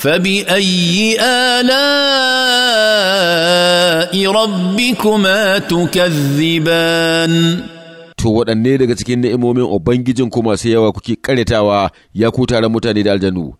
فبأي آلاء ربكما تكذبان to waɗanne daga cikin ni'imomin ubangijinku masu yawa kuke karetawa ya ku tare mutane da aljanu